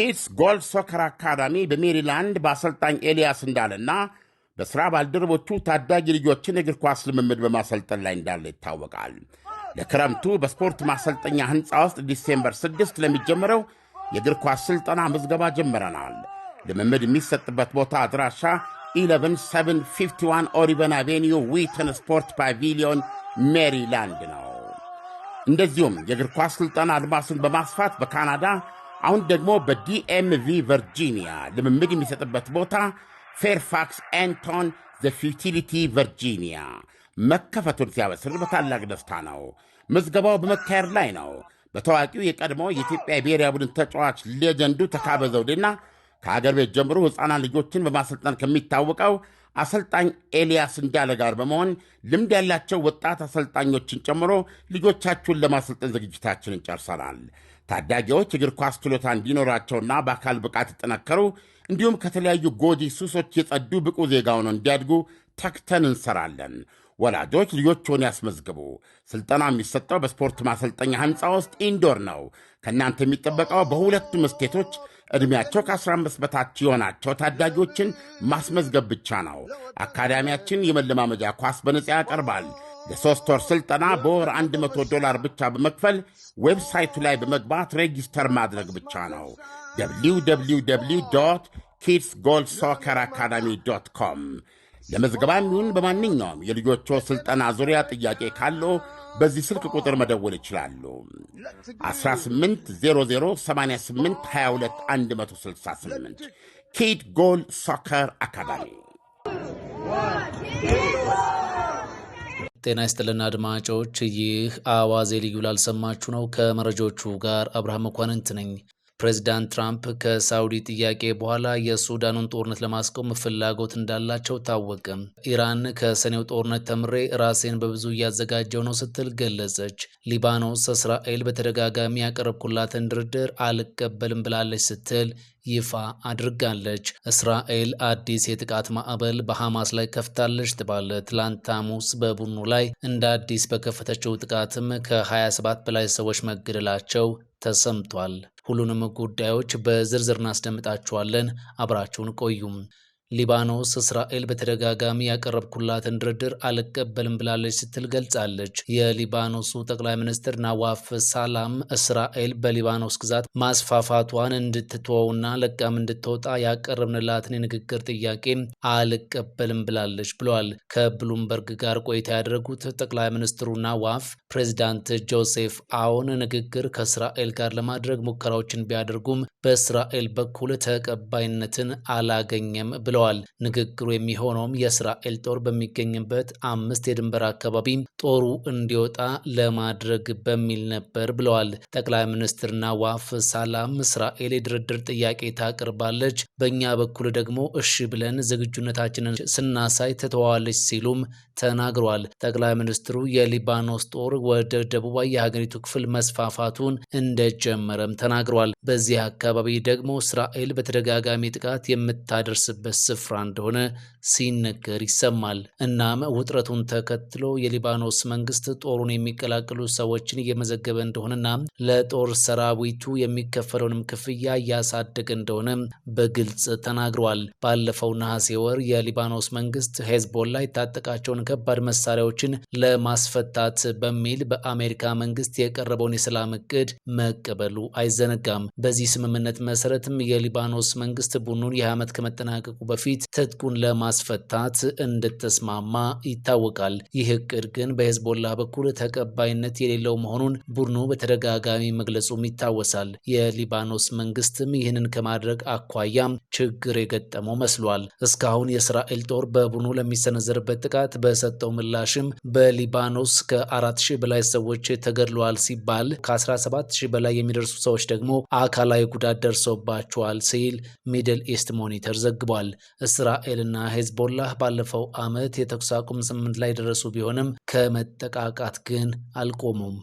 ስቴትስ ጎልድ ሶከር አካዳሚ በሜሪላንድ በአሰልጣኝ ኤልያስ እንዳለና በሥራ ባልደረቦቹ ታዳጊ ልጆችን የእግር ኳስ ልምምድ በማሰልጠን ላይ እንዳለ ይታወቃል። ለክረምቱ በስፖርት ማሰልጠኛ ሕንፃ ውስጥ ዲሴምበር 6 ለሚጀምረው የእግር ኳስ ሥልጠና ምዝገባ ጀምረናል። ልምምድ የሚሰጥበት ቦታ አድራሻ 11751 ኦሪቨን አቬኒዩ ዊትን ስፖርት ፓቪሊዮን ሜሪላንድ ነው። እንደዚሁም የእግር ኳስ ሥልጠና አድማሱን በማስፋት በካናዳ አሁን ደግሞ በዲኤምቪ ቨርጂኒያ ልምምድ የሚሰጥበት ቦታ ፌርፋክስ ኤንቶን ዘ ፊውቲሊቲ ቨርጂኒያ መከፈቱን ሲያበስር በታላቅ ደስታ ነው። ምዝገባው በመካሄድ ላይ ነው። በታዋቂው የቀድሞ የኢትዮጵያ ብሔርያ ቡድን ተጫዋች ሌጀንዱ ተካበ ዘውዴና ከሀገር ቤት ጀምሮ ሕፃናት ልጆችን በማሰልጠን ከሚታወቀው አሰልጣኝ ኤልያስ እንዳለ ጋር በመሆን ልምድ ያላቸው ወጣት አሰልጣኞችን ጨምሮ ልጆቻችሁን ለማሰልጠን ዝግጅታችንን ጨርሰናል። ታዳጊዎች እግር ኳስ ችሎታ እንዲኖራቸውና በአካል ብቃት ይጠነከሩ እንዲሁም ከተለያዩ ጎጂ ሱሶች የጸዱ ብቁ ዜጋ ሆነው እንዲያድጉ ተክተን እንሰራለን። ወላጆች ልጆችን ያስመዝግቡ። ስልጠና የሚሰጠው በስፖርት ማሰልጠኛ ሕንፃ ውስጥ ኢንዶር ነው። ከእናንተ የሚጠበቀው በሁለቱም ስቴቶች ዕድሜያቸው ከ15 በታች የሆናቸው ታዳጊዎችን ማስመዝገብ ብቻ ነው። አካዳሚያችን የመለማመጃ ኳስ በነፃ ያቀርባል። ለሦስት ወር ሥልጠና በወር 100 ዶላር ብቻ በመክፈል ዌብሳይቱ ላይ በመግባት ሬጂስተር ማድረግ ብቻ ነው። www ኪድስ ጎል ሶከር አካዳሚ ዶት ኮም። ለመዝገባ የሚሆን በማንኛውም የልጆቹ ሥልጠና ዙሪያ ጥያቄ ካለው በዚህ ስልክ ቁጥር መደወል ይችላሉ። 18008822 ኪድ ጎል ሶከር አካዳሚ ጤና ይስጥልና አድማጮች፣ ይህ አዋዜ ልዩ ላልሰማችሁ ነው። ከመረጃዎቹ ጋር አብርሃም መኳንንት ነኝ። ፕሬዚዳንት ትራምፕ ከሳውዲ ጥያቄ በኋላ የሱዳኑን ጦርነት ለማስቆም ፍላጎት እንዳላቸው ታወቀ። ኢራን ከሰኔው ጦርነት ተምሬ ራሴን በብዙ እያዘጋጀው ነው ስትል ገለጸች። ሊባኖስ እስራኤል በተደጋጋሚ ያቀረብኩላትን ድርድር አልቀበልም ብላለች ስትል ይፋ አድርጋለች። እስራኤል አዲስ የጥቃት ማዕበል በሐማስ ላይ ከፍታለች ተባለ። ትላንት ሐሙስ በቡድኑ ላይ እንደ አዲስ በከፈተችው ጥቃትም ከ27 በላይ ሰዎች መገደላቸው ተሰምቷል። ሁሉንም ጉዳዮች በዝርዝር እናስደምጣችኋለን። አብራችሁን ቆዩም። ሊባኖስ እስራኤል በተደጋጋሚ ያቀረብኩላትን ድርድር አልቀበልም ብላለች ስትል ገልጻለች። የሊባኖሱ ጠቅላይ ሚኒስትር ናዋፍ ሳላም እስራኤል በሊባኖስ ግዛት ማስፋፋቷን እንድትተወውና ለቃም እንድትወጣ ያቀረብንላትን የንግግር ጥያቄ አልቀበልም ብላለች ብለዋል። ከብሉምበርግ ጋር ቆይታ ያደረጉት ጠቅላይ ሚኒስትሩ ናዋፍ ፕሬዚዳንት ጆሴፍ አውን ንግግር ከእስራኤል ጋር ለማድረግ ሙከራዎችን ቢያደርጉም በእስራኤል በኩል ተቀባይነትን አላገኘም ብለዋል። ብለዋል። ንግግሩ የሚሆነውም የእስራኤል ጦር በሚገኝበት አምስት የድንበር አካባቢ ጦሩ እንዲወጣ ለማድረግ በሚል ነበር ብለዋል። ጠቅላይ ሚኒስትር ናዋፍ ሳላም እስራኤል የድርድር ጥያቄ ታቀርባለች፣ በእኛ በኩል ደግሞ እሺ ብለን ዝግጁነታችንን ስናሳይ ትተዋለች ሲሉም ተናግሯል። ጠቅላይ ሚኒስትሩ የሊባኖስ ጦር ወደ ደቡባዊ የሀገሪቱ ክፍል መስፋፋቱን እንደጀመረም ተናግሯል። በዚህ አካባቢ ደግሞ እስራኤል በተደጋጋሚ ጥቃት የምታደርስበት ስፍራ እንደሆነ ሲነገር ይሰማል። እናም ውጥረቱን ተከትሎ የሊባኖስ መንግስት ጦሩን የሚቀላቅሉ ሰዎችን እየመዘገበ እንደሆነና ለጦር ሰራዊቱ የሚከፈለውንም ክፍያ እያሳደገ እንደሆነ በግልጽ ተናግሯል። ባለፈው ነሐሴ ወር የሊባኖስ መንግስት ሄዝቦላ የታጠቃቸውን ከባድ መሳሪያዎችን ለማስፈታት በሚል በአሜሪካ መንግስት የቀረበውን የሰላም እቅድ መቀበሉ አይዘነጋም። በዚህ ስምምነት መሰረትም የሊባኖስ መንግስት ቡድኑን ይህ ዓመት ከመጠናቀቁ በፊት ትጥቁን ለማስፈታት እንደተስማማ ይታወቃል። ይህ እቅድ ግን በሄዝቦላ በኩል ተቀባይነት የሌለው መሆኑን ቡድኑ በተደጋጋሚ መግለጹም ይታወሳል። የሊባኖስ መንግስትም ይህንን ከማድረግ አኳያም ችግር የገጠመው መስሏል። እስካሁን የእስራኤል ጦር በቡድኑ ለሚሰነዘርበት ጥቃት በ በሰጠው ምላሽም በሊባኖስ ከ4000 በላይ ሰዎች ተገድለዋል ሲባል ከ17000 በላይ የሚደርሱ ሰዎች ደግሞ አካላዊ ጉዳት ደርሶባቸዋል ሲል ሚድል ኢስት ሞኒተር ዘግቧል። እስራኤልና ሄዝቦላህ ባለፈው ዓመት የተኩስ አቁም ስምምነት ላይ ደረሱ ቢሆንም ከመጠቃቃት ግን አልቆሙም።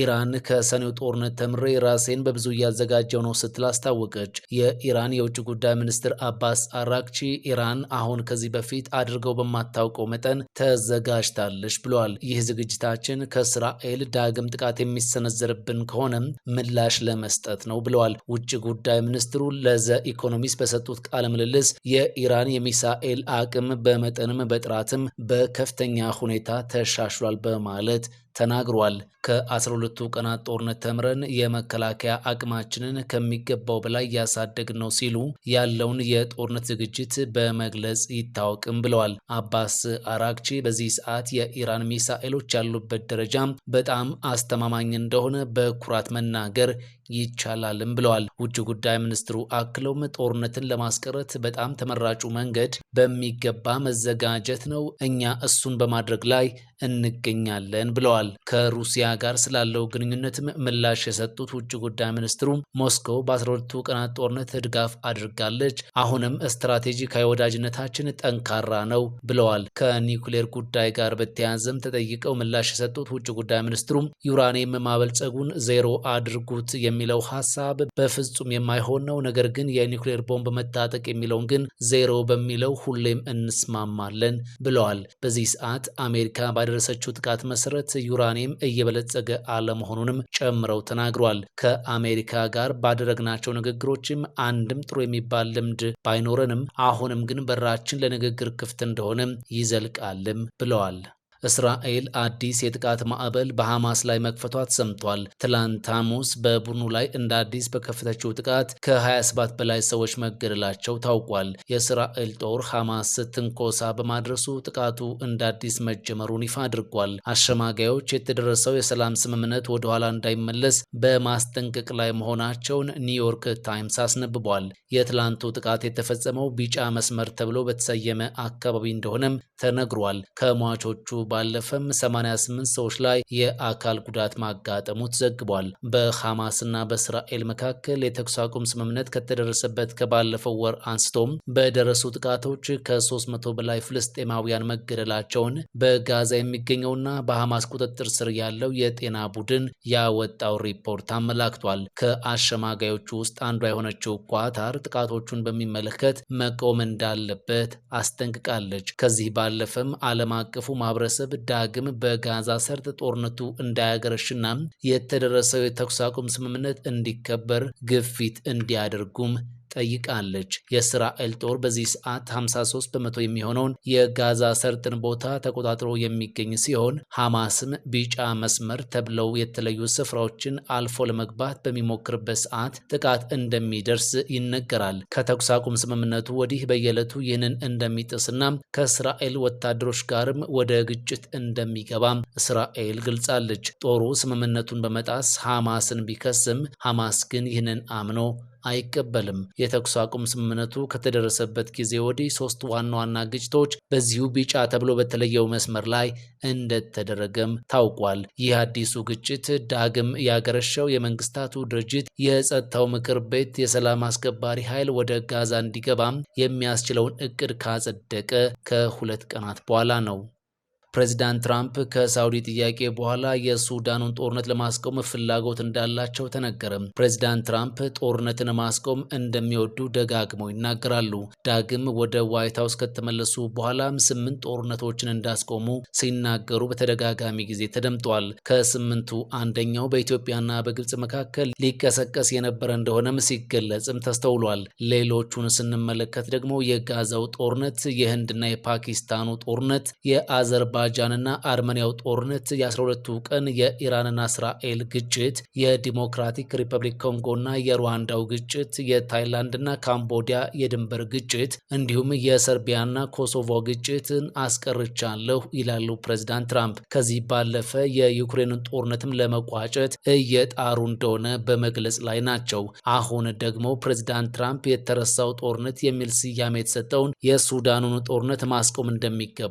ኢራን ከሰኔው ጦርነት ተምሬ ራሴን በብዙ እያዘጋጀው ነው ስትል አስታወቀች። የኢራን የውጭ ጉዳይ ሚኒስትር አባስ አራክቺ ኢራን አሁን ከዚህ በፊት አድርገው በማታውቀው መጠን ተዘጋጅታለች ብሏል። ይህ ዝግጅታችን ከእስራኤል ዳግም ጥቃት የሚሰነዘርብን ከሆነም ምላሽ ለመስጠት ነው ብለዋል። ውጭ ጉዳይ ሚኒስትሩ ለዘ ኢኮኖሚስት በሰጡት ቃለ ምልልስ የኢራን የሚሳኤል አቅም በመጠንም በጥራትም በከፍተኛ ሁኔታ ተሻሽሏል በማለት ተናግሯል። 12 ቀናት ጦርነት ተምረን የመከላከያ አቅማችንን ከሚገባው በላይ ያሳደግን ነው ሲሉ ያለውን የጦርነት ዝግጅት በመግለጽ ይታወቅም ብለዋል። አባስ አራግቺ በዚህ ሰዓት የኢራን ሚሳኤሎች ያሉበት ደረጃ በጣም አስተማማኝ እንደሆነ በኩራት መናገር ይቻላልም ብለዋል። ውጭ ጉዳይ ሚኒስትሩ አክለውም ጦርነትን ለማስቀረት በጣም ተመራጩ መንገድ በሚገባ መዘጋጀት ነው፣ እኛ እሱን በማድረግ ላይ እንገኛለን ብለዋል። ከሩሲያ ጋር ስላለው ግንኙነትም ምላሽ የሰጡት ውጭ ጉዳይ ሚኒስትሩ ሞስኮ በ 12 ቀናት ጦርነት ድጋፍ አድርጋለች፣ አሁንም ስትራቴጂካዊ ወዳጅነታችን ጠንካራ ነው ብለዋል። ከኒውክሌር ጉዳይ ጋር በተያያዘም ተጠይቀው ምላሽ የሰጡት ውጭ ጉዳይ ሚኒስትሩ ዩራኒየም ማበልጸጉን ዜሮ አድርጉት የሚ የሚለው ሀሳብ በፍጹም የማይሆን ነው። ነገር ግን የኒውክሌር ቦምብ መታጠቅ የሚለውን ግን ዜሮ በሚለው ሁሌም እንስማማለን ብለዋል። በዚህ ሰዓት አሜሪካ ባደረሰችው ጥቃት መሰረት ዩራኒየም እየበለጸገ አለመሆኑንም ጨምረው ተናግሯል። ከአሜሪካ ጋር ባደረግናቸው ንግግሮችም አንድም ጥሩ የሚባል ልምድ ባይኖረንም አሁንም ግን በራችን ለንግግር ክፍት እንደሆነም ይዘልቃልም ብለዋል። እስራኤል አዲስ የጥቃት ማዕበል በሐማስ ላይ መክፈቷ ተሰምቷል። ትላንት ሐሙስ በቡድኑ ላይ እንደ አዲስ በከፈተችው ጥቃት ከ27 በላይ ሰዎች መገደላቸው ታውቋል። የእስራኤል ጦር ሐማስ ትንኮሳ በማድረሱ ጥቃቱ እንደ አዲስ መጀመሩን ይፋ አድርጓል። አሸማጋዮች የተደረሰው የሰላም ስምምነት ወደ ኋላ እንዳይመለስ በማስጠንቀቅ ላይ መሆናቸውን ኒውዮርክ ታይምስ አስነብቧል። የትላንቱ ጥቃት የተፈጸመው ቢጫ መስመር ተብሎ በተሰየመ አካባቢ እንደሆነም ተነግሯል። ከሟቾቹ ባለፈም 88 ሰዎች ላይ የአካል ጉዳት ማጋጠሙ ተዘግቧል። በሐማስና በእስራኤል መካከል የተኩስ አቁም ስምምነት ከተደረሰበት ከባለፈው ወር አንስቶም በደረሱ ጥቃቶች ከ300 በላይ ፍልስጤማውያን መገደላቸውን በጋዛ የሚገኘውና በሐማስ ቁጥጥር ስር ያለው የጤና ቡድን ያወጣው ሪፖርት አመላክቷል። ከአሸማጋዮቹ ውስጥ አንዷ የሆነችው ኳታር ጥቃቶቹን በሚመለከት መቆም እንዳለበት አስጠንቅቃለች። ከዚህ ባለፈም ዓለም አቀፉ ማህበረሰብ ማህበረሰብ ዳግም በጋዛ ሰርጥ ጦርነቱ እንዳያገረሽና የተደረሰው የተኩስ አቁም ስምምነት እንዲከበር ግፊት እንዲያደርጉም ጠይቃለች። የእስራኤል ጦር በዚህ ሰዓት 53 በመቶ የሚሆነውን የጋዛ ሰርጥን ቦታ ተቆጣጥሮ የሚገኝ ሲሆን ሐማስም ቢጫ መስመር ተብለው የተለዩ ስፍራዎችን አልፎ ለመግባት በሚሞክርበት ሰዓት ጥቃት እንደሚደርስ ይነገራል። ከተኩስ አቁም ስምምነቱ ወዲህ በየዕለቱ ይህንን እንደሚጥስና ከእስራኤል ወታደሮች ጋርም ወደ ግጭት እንደሚገባም እስራኤል ገልጻለች። ጦሩ ስምምነቱን በመጣስ ሐማስን ቢከስም ሐማስ ግን ይህንን አምኖ አይቀበልም። የተኩስ አቁም ስምምነቱ ከተደረሰበት ጊዜ ወዲህ ሶስት ዋና ዋና ግጭቶች በዚሁ ቢጫ ተብሎ በተለየው መስመር ላይ እንደተደረገም ታውቋል። ይህ አዲሱ ግጭት ዳግም ያገረሸው የመንግስታቱ ድርጅት የጸጥታው ምክር ቤት የሰላም አስከባሪ ኃይል ወደ ጋዛ እንዲገባም የሚያስችለውን እቅድ ካጸደቀ ከሁለት ቀናት በኋላ ነው። ፕሬዚዳንት ትራምፕ ከሳውዲ ጥያቄ በኋላ የሱዳኑን ጦርነት ለማስቆም ፍላጎት እንዳላቸው ተነገረ። ፕሬዚዳንት ትራምፕ ጦርነትን ማስቆም እንደሚወዱ ደጋግመው ይናገራሉ። ዳግም ወደ ዋይት ሀውስ ከተመለሱ በኋላም ስምንት ጦርነቶችን እንዳስቆሙ ሲናገሩ በተደጋጋሚ ጊዜ ተደምጧል። ከስምንቱ አንደኛው በኢትዮጵያና በግብፅ መካከል ሊቀሰቀስ የነበረ እንደሆነም ሲገለጽም ተስተውሏል። ሌሎቹን ስንመለከት ደግሞ የጋዛው ጦርነት፣ የህንድና የፓኪስታኑ ጦርነት፣ የአዘርባ የአዘርባይጃንና አርመኒያው ጦርነት፣ የ12ቱ ቀን የኢራንና እስራኤል ግጭት፣ የዲሞክራቲክ ሪፐብሊክ ኮንጎና የሩዋንዳው ግጭት፣ የታይላንድና ካምቦዲያ የድንበር ግጭት እንዲሁም የሰርቢያና ኮሶቮ ግጭትን አስቀርቻለሁ ይላሉ ፕሬዚዳንት ትራምፕ። ከዚህ ባለፈ የዩክሬንን ጦርነትም ለመቋጨት እየጣሩ እንደሆነ በመግለጽ ላይ ናቸው። አሁን ደግሞ ፕሬዚዳንት ትራምፕ የተረሳው ጦርነት የሚል ስያሜ የተሰጠውን የሱዳኑን ጦርነት ማስቆም እንደሚገባ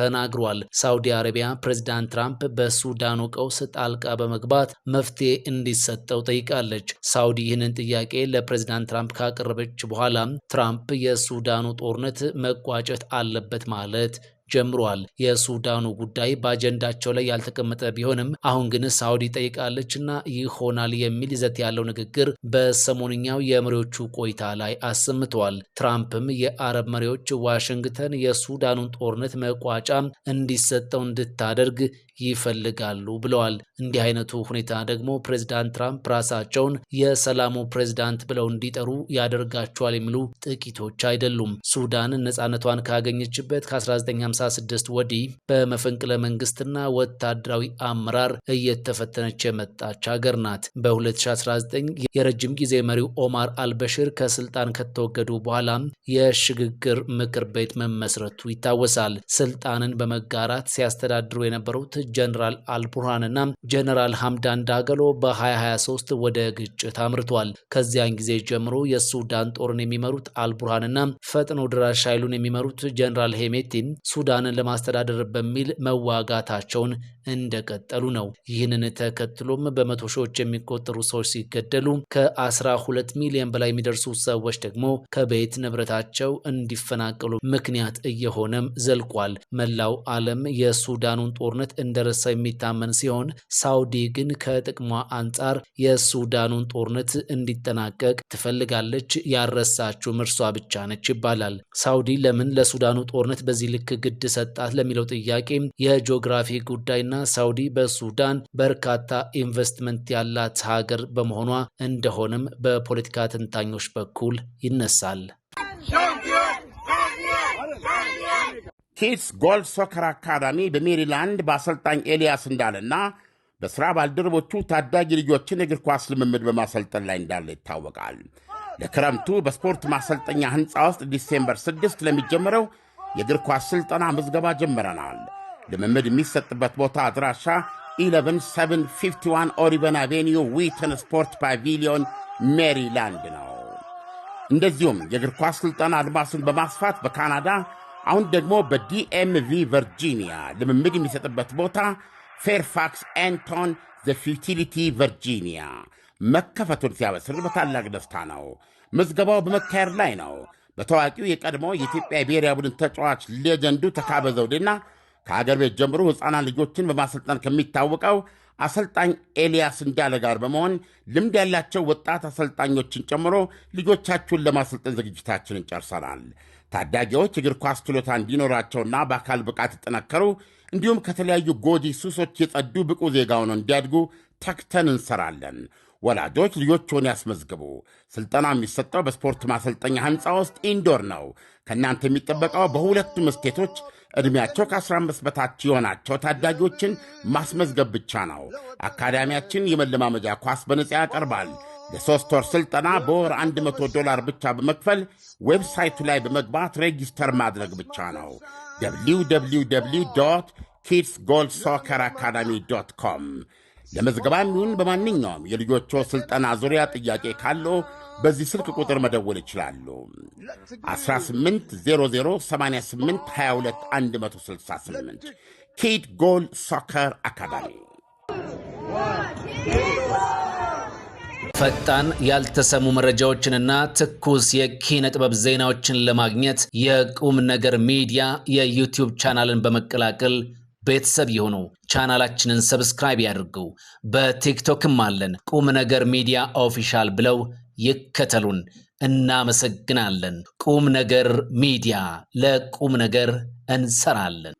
ተናግሯል። ሳውዲ አረቢያ ፕሬዚዳንት ትራምፕ በሱዳኑ ቀውስ ጣልቃ በመግባት መፍትሄ እንዲሰጠው ጠይቃለች። ሳውዲ ይህንን ጥያቄ ለፕሬዚዳንት ትራምፕ ካቀረበች በኋላ ትራምፕ የሱዳኑ ጦርነት መቋጨት አለበት ማለት ጀምሯል። የሱዳኑ ጉዳይ በአጀንዳቸው ላይ ያልተቀመጠ ቢሆንም አሁን ግን ሳውዲ እና ይሆናል የሚል ይዘት ያለው ንግግር በሰሞንኛው የመሪዎቹ ቆይታ ላይ አሰምተዋል። ትራምፕም የአረብ መሪዎች ዋሽንግተን የሱዳኑን ጦርነት መቋጫ እንዲሰጠው እንድታደርግ ይፈልጋሉ ብለዋል። እንዲህ አይነቱ ሁኔታ ደግሞ ፕሬዚዳንት ትራምፕ ራሳቸውን የሰላሙ ፕሬዚዳንት ብለው እንዲጠሩ ያደርጋቸዋል የሚሉ ጥቂቶች አይደሉም። ሱዳን ነፃነቷን ካገኘችበት ከ1950 1966 ወዲህ በመፈንቅለ መንግስትና ወታደራዊ አመራር እየተፈተነች የመጣች ሀገር ናት። በ2019 የረጅም ጊዜ መሪው ኦማር አልበሽር ከስልጣን ከተወገዱ በኋላ የሽግግር ምክር ቤት መመስረቱ ይታወሳል። ስልጣንን በመጋራት ሲያስተዳድሩ የነበሩት ጀነራል አልቡርሃንና ጀነራል ሐምዳን ዳገሎ በ2023 ወደ ግጭት አምርቷል። ከዚያን ጊዜ ጀምሮ የሱዳን ጦርን የሚመሩት አልቡርሃንና ፈጥኖ ድራሽ ኃይሉን የሚመሩት ጀነራል ሄሜቲ ሱዳን ሱዳንን ለማስተዳደር በሚል መዋጋታቸውን እንደቀጠሉ ነው። ይህንን ተከትሎም በመቶ ሺዎች የሚቆጠሩ ሰዎች ሲገደሉ ከ12 ሚሊዮን በላይ የሚደርሱ ሰዎች ደግሞ ከቤት ንብረታቸው እንዲፈናቀሉ ምክንያት እየሆነም ዘልቋል። መላው ዓለም የሱዳኑን ጦርነት እንደረሳ የሚታመን ሲሆን ሳውዲ ግን ከጥቅሟ አንጻር የሱዳኑን ጦርነት እንዲጠናቀቅ ትፈልጋለች። ያረሳችውም እርሷ ብቻ ነች ይባላል። ሳውዲ ለምን ለሱዳኑ ጦርነት በዚህ ልክ ግድ ሰጣት ለሚለው ጥያቄ የጂኦግራፊ ጉዳይና ሳውዲ በሱዳን በርካታ ኢንቨስትመንት ያላት ሀገር በመሆኗ እንደሆነም በፖለቲካ ተንታኞች በኩል ይነሳል። ኪድስ ጎል ሶከር አካዳሚ በሜሪላንድ በአሰልጣኝ ኤልያስ እንዳለና በሥራ ባልደረቦቹ ታዳጊ ልጆችን እግር ኳስ ልምምድ በማሰልጠን ላይ እንዳለ ይታወቃል። ለክረምቱ በስፖርት ማሰልጠኛ ሕንፃ ውስጥ ዲሴምበር 6 ለሚጀምረው የእግር ኳስ ሥልጠና ምዝገባ ጀምረናል። ልምምድ የሚሰጥበት ቦታ አድራሻ 11751 ኦሪቨን አቬኒዩ ዊተን ስፖርት ፓቪሊዮን ሜሪላንድ ነው። እንደዚሁም የእግር ኳስ ሥልጠና አድማሱን በማስፋት በካናዳ አሁን ደግሞ በዲኤምቪ ቨርጂኒያ ልምምድ የሚሰጥበት ቦታ ፌርፋክስ ኤንቶን ዘ ፊውቲሊቲ ቨርጂኒያ መከፈቱን ሲያበስር በታላቅ ደስታ ነው። ምዝገባው በመካሄድ ላይ ነው። በታዋቂው የቀድሞ የኢትዮጵያ ብሔርያ ቡድን ተጫዋች ሌጀንዱ ተካበ ከአገር ቤት ጀምሮ ሕፃናት ልጆችን በማሰልጠን ከሚታወቀው አሰልጣኝ ኤልያስ እንዳለ ጋር በመሆን ልምድ ያላቸው ወጣት አሰልጣኞችን ጨምሮ ልጆቻችሁን ለማሰልጠን ዝግጅታችንን ጨርሰናል። ታዳጊዎች እግር ኳስ ችሎታ እንዲኖራቸውና በአካል ብቃት ይጠነከሩ እንዲሁም ከተለያዩ ጎጂ ሱሶች የጸዱ ብቁ ዜጋ ሆነው እንዲያድጉ ተክተን እንሰራለን። ወላጆች ልጆችዎን ያስመዝግቡ። ስልጠና የሚሰጠው በስፖርት ማሰልጠኛ ሕንፃ ውስጥ ኢንዶር ነው። ከእናንተ የሚጠበቀው በሁለቱም ስቴቶች ዕድሜያቸው ከ15 በታች የሆናቸው ታዳጊዎችን ማስመዝገብ ብቻ ነው። አካዳሚያችን የመለማመጃ ኳስ በነጻ ያቀርባል። የሦስት ወር ሥልጠና በወር 100 ዶላር ብቻ በመክፈል ዌብሳይቱ ላይ በመግባት ሬጂስተር ማድረግ ብቻ ነው። www ኪድስ ጎልድ ሶከር አካዳሚ ዶት ኮም ለመዝገባ የሚሆን በማንኛውም የልጆቹ ሥልጠና ዙሪያ ጥያቄ ካለው በዚህ ስልክ ቁጥር መደወል ይችላሉ። 180088226168 ኪድ ጎል ሶከር አካዳሚ። ፈጣን ያልተሰሙ መረጃዎችንና ትኩስ የኪነ ጥበብ ዜናዎችን ለማግኘት የቁም ነገር ሚዲያ የዩቲዩብ ቻናልን በመቀላቀል ቤተሰብ የሆኑ ቻናላችንን ሰብስክራይብ ያድርጉ። በቲክቶክም አለን። ቁም ነገር ሚዲያ ኦፊሻል ብለው ይከተሉን። እናመሰግናለን። ቁም ነገር ሚዲያ ለቁም ነገር እንሰራለን።